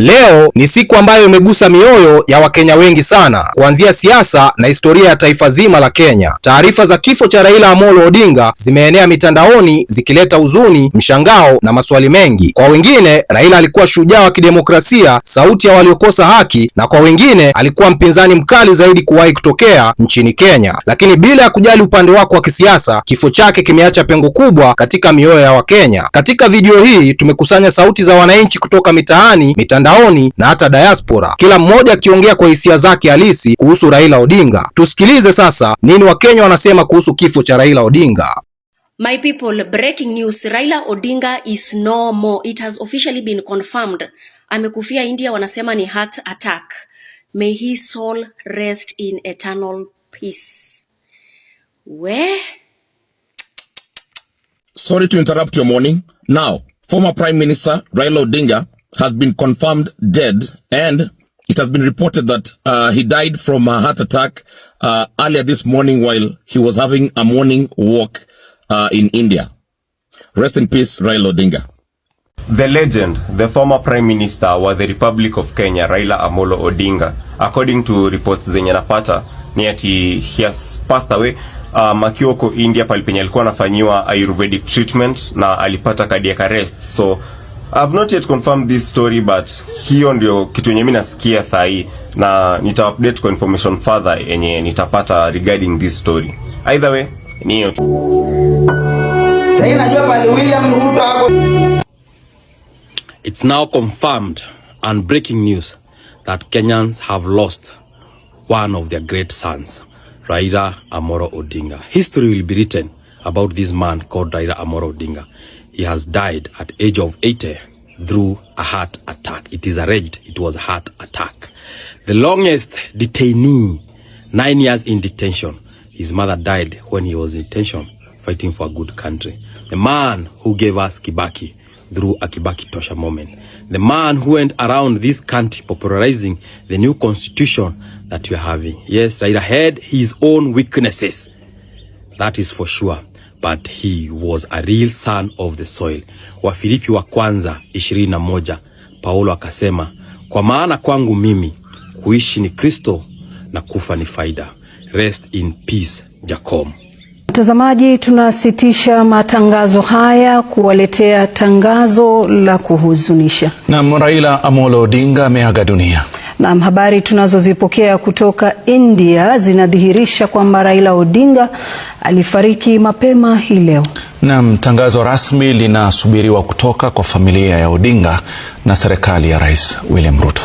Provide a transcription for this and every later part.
Leo ni siku ambayo imegusa mioyo ya Wakenya wengi sana, kuanzia siasa na historia ya taifa zima la Kenya. Taarifa za kifo cha Raila Amolo Odinga zimeenea mitandaoni zikileta huzuni, mshangao na maswali mengi. Kwa wengine, Raila alikuwa shujaa wa kidemokrasia, sauti ya waliokosa haki, na kwa wengine alikuwa mpinzani mkali zaidi kuwahi kutokea nchini Kenya. Lakini bila ya kujali upande wako wa kisiasa, kifo chake kimeacha pengo kubwa katika mioyo ya Wakenya. Katika video hii tumekusanya sauti za wananchi kutoka mitaani, mitandao mitandaoni na hata diaspora, kila mmoja akiongea kwa hisia zake halisi kuhusu Raila Odinga. Tusikilize sasa nini Wakenya wanasema kuhusu kifo cha Raila Odinga. My people, breaking news. Raila Odinga is no more. It has officially been confirmed. Amekufia India, wanasema ni heart attack. May his soul rest in eternal peace. We? Sorry to interrupt your morning. Now, former Prime Minister Raila Odinga has been confirmed dead and it has been reported that uh, he died from a heart attack uh, earlier this morning while he was having a morning walk uh, in India. Rest in peace, Raila Odinga. The legend, the former prime minister wa the Republic of Kenya, Raila Amolo Odinga, according to reports zenye napata ni ati he has passed away um, akiwa huko India palipenye alikuwa anafanyiwa ayurvedic treatment na alipata cardiac arrest so I've not yet confirmed this story but hiyo ndio kitu yenye mimi nasikia saa hii na nita update kwa information further yenye nitapata regarding this story. Either way, ni hiyo tu. Sasa najua pale William Ruto hapo. It's now confirmed and breaking news that Kenyans have lost one of their great sons, Raila Amolo Odinga. History will be written about this man called Raila Amolo Odinga. He has died at age of 80 through a heart attack. It is alleged it was a heart attack. The longest detainee, nine years in detention. His mother died when he was in detention fighting for a good country. The man who gave us Kibaki through a Kibaki Tosha moment. The man who went around this country popularizing the new constitution that we're having. Yes, right ahead his own weaknesses. That is for sure but he was a real son of the soil. Wafilipi wa kwanza 21. Paulo akasema, kwa maana kwangu mimi kuishi ni Kristo na kufa ni faida. Rest in peace, Jacob. Mtazamaji, tunasitisha matangazo haya kuwaletea tangazo la kuhuzunisha. Na Raila Amolo Odinga ameaga dunia. Naam, habari tunazozipokea kutoka India zinadhihirisha kwamba Raila Odinga alifariki mapema hii leo. Naam, tangazo rasmi linasubiriwa kutoka kwa familia ya Odinga na serikali ya Rais William Ruto.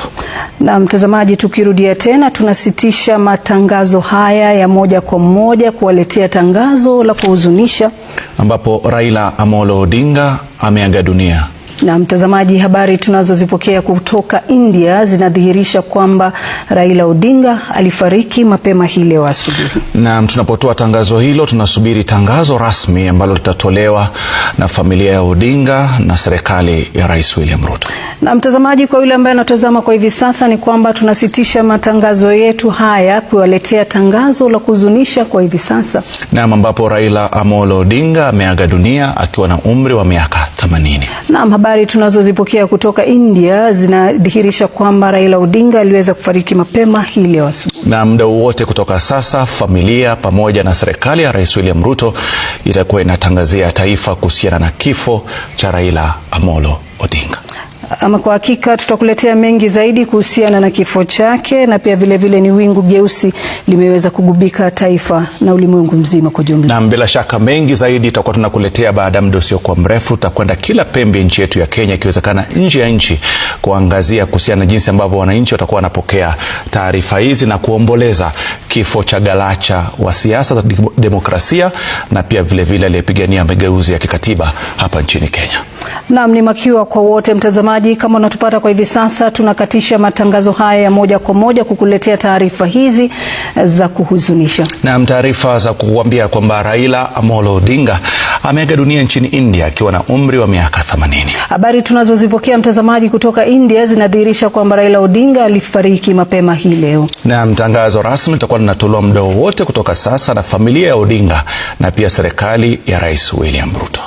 Na mtazamaji, tukirudia tena, tunasitisha matangazo haya ya moja kwa moja kuwaletea tangazo la kuhuzunisha ambapo Raila Amolo Odinga ameaga dunia na mtazamaji, habari tunazozipokea kutoka India zinadhihirisha kwamba Raila Odinga alifariki mapema hii leo asubuhi. Naam, tunapotoa tangazo hilo tunasubiri tangazo rasmi ambalo litatolewa na familia ya Odinga na serikali ya Rais William Ruto. Na mtazamaji, kwa yule ambaye anatazama kwa hivi sasa ni kwamba tunasitisha matangazo yetu haya kuwaletea tangazo la kuhuzunisha kwa hivi sasa. Naam, ambapo Raila Amolo Odinga ameaga dunia akiwa na umri wa miaka kama Naam, habari tunazozipokea kutoka India zinadhihirisha kwamba Raila Odinga aliweza kufariki mapema hii leo asubuhi. Na muda wowote kutoka sasa, familia pamoja na serikali ya Rais William Ruto itakuwa inatangazia taifa kuhusiana na kifo cha Raila Amolo Odinga. Ama kwa hakika tutakuletea mengi zaidi kuhusiana na kifo chake na pia vile vile ni wingu jeusi limeweza kugubika taifa na ulimwengu mzima kwa jumla. Na bila shaka mengi zaidi tutakuwa tunakuletea baada ya muda usiokuwa mrefu. Tutakwenda kila pembe nchi yetu ya Kenya, ikiwezekana nje ya nchi, kuangazia kuhusiana na jinsi ambavyo wananchi watakuwa wanapokea taarifa hizi na kuomboleza kifo cha galacha wa siasa za demokrasia na pia vile vile aliyepigania mageuzi ya kikatiba hapa nchini Kenya. Naam, ni makiwa kwa wote. Mtazamaji, kama unatupata kwa hivi sasa, tunakatisha matangazo haya ya moja kwa moja kukuletea taarifa hizi za kuhuzunisha. Naam, taarifa za kukuambia kwamba Raila Amolo Odinga ameaga dunia nchini India akiwa na umri wa miaka 80. Habari tunazozipokea mtazamaji, kutoka India zinadhihirisha kwamba Raila Odinga alifariki mapema hii leo. Naam, tangazo rasmi litakuwa linatolewa muda wowote kutoka sasa na familia ya Odinga na pia serikali ya Rais William Ruto.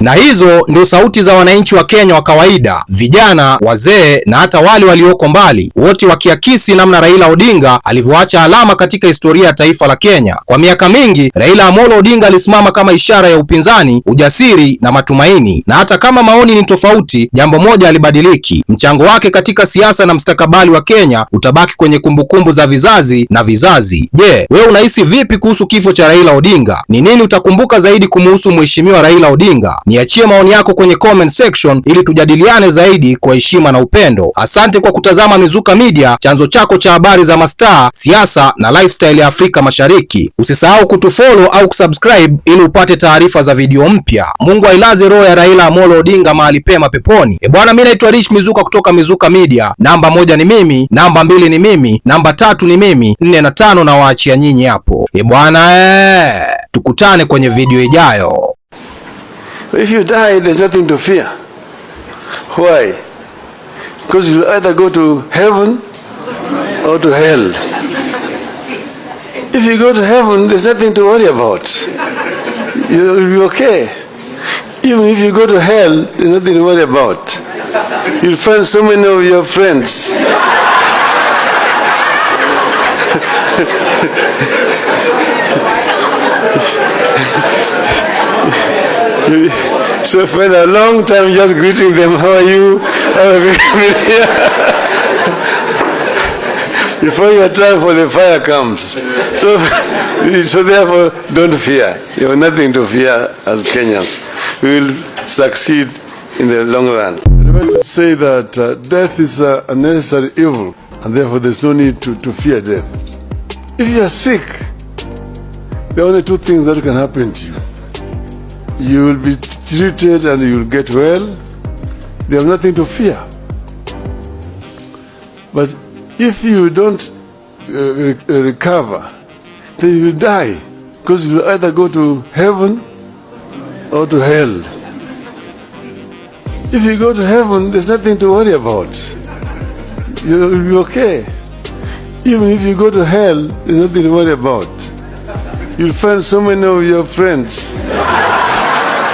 Na hizo ndio sauti za wananchi wa Kenya wa kawaida, vijana, wazee na hata wale walioko mbali, wote wakiakisi namna Raila Odinga alivyoacha alama katika historia ya taifa la Kenya. Kwa miaka mingi, Raila Amolo Odinga alisimama kama ishara ya upinzani, ujasiri na matumaini. Na hata kama maoni ni tofauti, jambo moja alibadiliki: mchango wake katika siasa na mstakabali wa Kenya utabaki kwenye kumbukumbu za vizazi na vizazi. Je, yeah, wewe unahisi vipi kuhusu kifo cha Raila Odinga? Ni nini utakumbuka zaidi kumuhusu Mheshimiwa Raila Odinga? Niachie maoni yako kwenye comment section ili tujadiliane zaidi kwa heshima na upendo. Asante kwa kutazama Mizuka Media, chanzo chako cha habari za mastaa, siasa na lifestyle ya Afrika Mashariki. Usisahau kutufollow au kusubscribe ili upate taarifa za video mpya. Mungu ailaze roho ya Raila Amolo Odinga mahali pema peponi. E bwana, mimi naitwa Rich Mizuka kutoka Mizuka Media. Namba moja ni mimi, namba mbili ni mimi, namba tatu ni mimi, nne na tano na waachia nyinyi hapo. E bwana, ee, tukutane kwenye video ijayo. If you die, there's nothing to fear. Why? Because you either go to heaven or to hell. If you go to heaven, there's nothing to worry about. You'll be okay. Even if you go to hell, there's nothing to worry about. You'll find so many of your friends. so for a long time, just greeting them, how are you? Before your time for the fire comes. So, so therefore, don't fear. You have nothing to fear as Kenyans. We will succeed in the long run. I want to say that uh, death is a necessary evil, and therefore there's no need to, to fear death. If you are sick, there are only two things that can happen to you you will be treated and you will get well. They have nothing to fear. But if you don't uh, recover, then you die because you either go to heaven or to hell. If you go to heaven, there's nothing to worry about. You'll be okay. Even if you go to hell, there's nothing to worry about. You'll find so many of your friends.